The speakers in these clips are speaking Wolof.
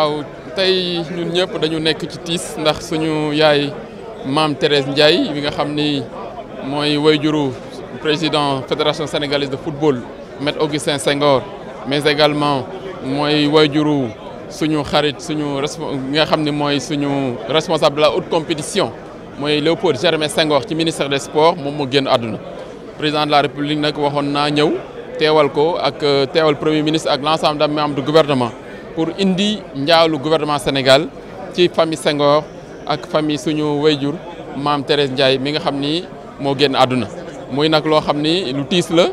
Aujourd'hui, nous ñun ñëpp dañu nekk ci tiis ndax suñu yaay maam Thérèse Ndiaye qui nga xam ni wayjuru président fédération sénégalaise de football met Augustin Senghor mais également mooy wayjuru suñu xarit suñu nga responsable de la haute compétition Léopold Germain Senghor ci ministre des sports qui est génn président de la république nag waxoon naa ñëw ko ak euh, premier ministre ak l'ensemble des membres du gouvernement pour indi njaalu gouvernement Sénégal ci famille Senghor ak famille suñu wayjur mam Thérèse Ndiaye mi nga xamni ni génn aduna moy nak lo xamni lu tiis la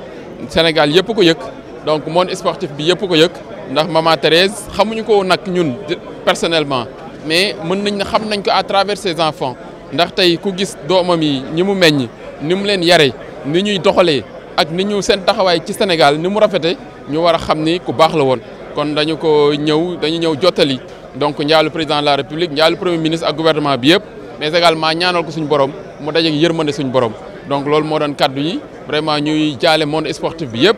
Sénégal yépp ko yëg donc monde sportif bi yépp ko yëg ndax maman Thérèse xamuñu ko nak ñun personnellement mais mën nañ na xam nañ ko à travers ses enfants ndax tay ku gis doomam yi ñi mu ni mu leen yare ni ñuy doxalé ak ni ñu sen taxaway ci Sénégal ni mu rafété ñu wara xamni ku baax la won kon dañu ko ñëw dañu ñëw jotali donc njaalu président de la république njaalu premier ministre ak gouvernement bi yëpp mais également ñaanal ko suñu borom mu dajé ak suñu borom donc loolu mo doon cadeau yi vraiment ñuy jaale monde sportif bi yëpp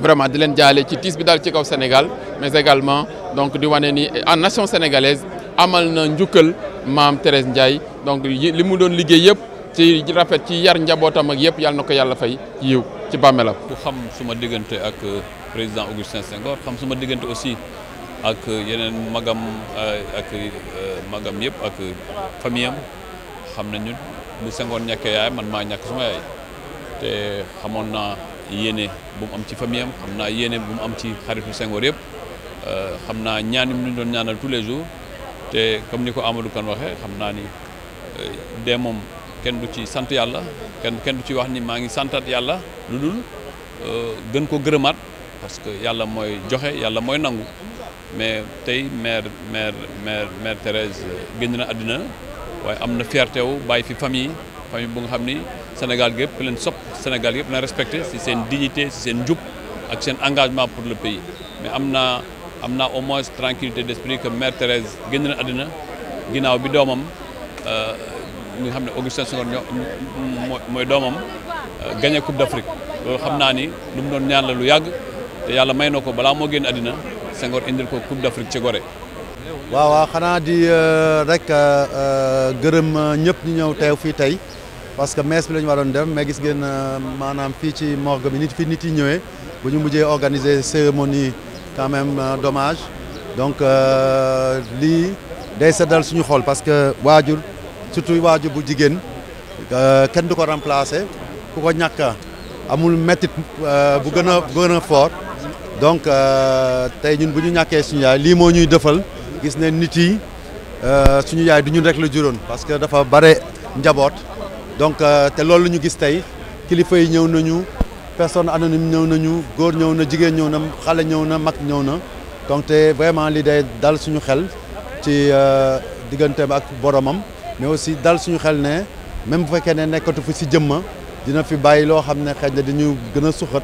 vraiment di len jaale ci tiis bi dal ci kaw Sénégal mais également donc di wane ni en nation sénégalaise amal na njukkal mam Thérèse ndjay donc limu doon liggéey yëpp ci rafet ci yar njabootam ak yëpp yalla nako yalla fay yiw ci bàmmeelam ku xam suma digënté ak. président Augustin Senghor xam suma digënté aussi ak yeneen magam eh, ak eh, magam yëpp ak famille am xam nañu bu Senghor ñàkke yaay man maa ñàkk suma yaay te xamoon naa yéene bu mu am ci famille am xam naa yéene bu mu am ci xaritu Senghor yëpp xam naa ñaan ñu doon ñaanal tous les jours te comme ni ko Amadou kan waxee xam naa ni eh, dee moom kenn du ci sant yàlla kenn kenn du ci wax ni maa ngi santat yàlla lu dul gën ko gërëmaat parce que yàlla mooy joxe yàlla mooy nangu mais tey maire maire maire mère Thérèse génn na àddina waaye am na fierté wu bàyyi fi famille famille bu nga xam ni Sénégal gi yëpp leen sop Sénégal yëpp na respecté si seen dignité si seen njub ak seen engagement pour le pays mais am naa am na au moins tranquillité d'esprit que mère Thérèse génn na àddina ginnaaw bi doomam euh, mi nga xam ne Augustin mooy doomam euh, gagné Coupe d'Afrique loolu xam naa ni lu mu doon ñaan la lu yàgg te yàlla may na ko balaa moo génn àddina Senghor indil ko Coupe d'Afrique ci gore. waaw waaw xanaa di euh, rek euh, euh, gërëm ñëpp ñu ñëw teew fii tey parce que mees bi la ñu waroon dem mais gis ngeen maanaam fii ci morgue bi nit fi nit yi ñëwee bu ñu mujjee organiser cérémonie quand même dommage donc lii day seddal suñu xol parce que waajur surtout waajur bu jigéen kenn du ko remplacer ku ko ñàkk amul mettit bu gën a gën a fort donc euh, tay ñun bu ñu ñaké suñu yaay li mo ñuy defal gis ne nit yi euh, suñu yaay du ñun parce que dafa bare njaboot donc euh, té loolu ñu gis tay kilifa yi ñëw nañu personne anonyme ñëw nañu na jigéen na xalé ñëw na na donc té vraiment li day dal suñu xel ci ak boromam mais aussi dal suñu xel ne même bu nous avons nekkatu nous, jëmma dina fi nous lo xamné na avons fait suxat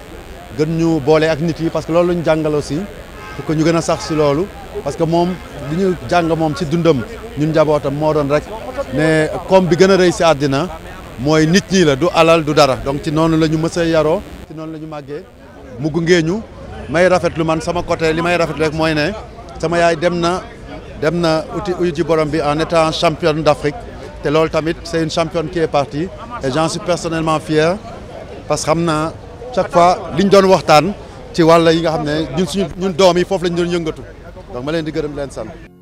gën ñu boole ak nit yi parce que loolu la ñu jàngal aussi pour ñu gën a sax si loolu parce que moom li ñu jànga moom ci dundam ñu njabootam moo doon rek ne koom bi gën a rëy si àddina mooy nit ñi la du alal du dara donc ci noonu la ñu mës a yaroo ci noonu la ñu màggee mu gungee ñu may rafetlu man sama côté li may rafetlu rek mooy ne sama yaay dem na dem na uti uyu ci borom bi en étant championne d'Afrique te loolu tamit c'est une championne qui est partie et j'en parce que chaque fois li ñu doon waxtaan ci wàll yi nga xam ne ñun suñu ñun doom yi foofu lañ doon yëngatu donc ma leen di gërëm leen sant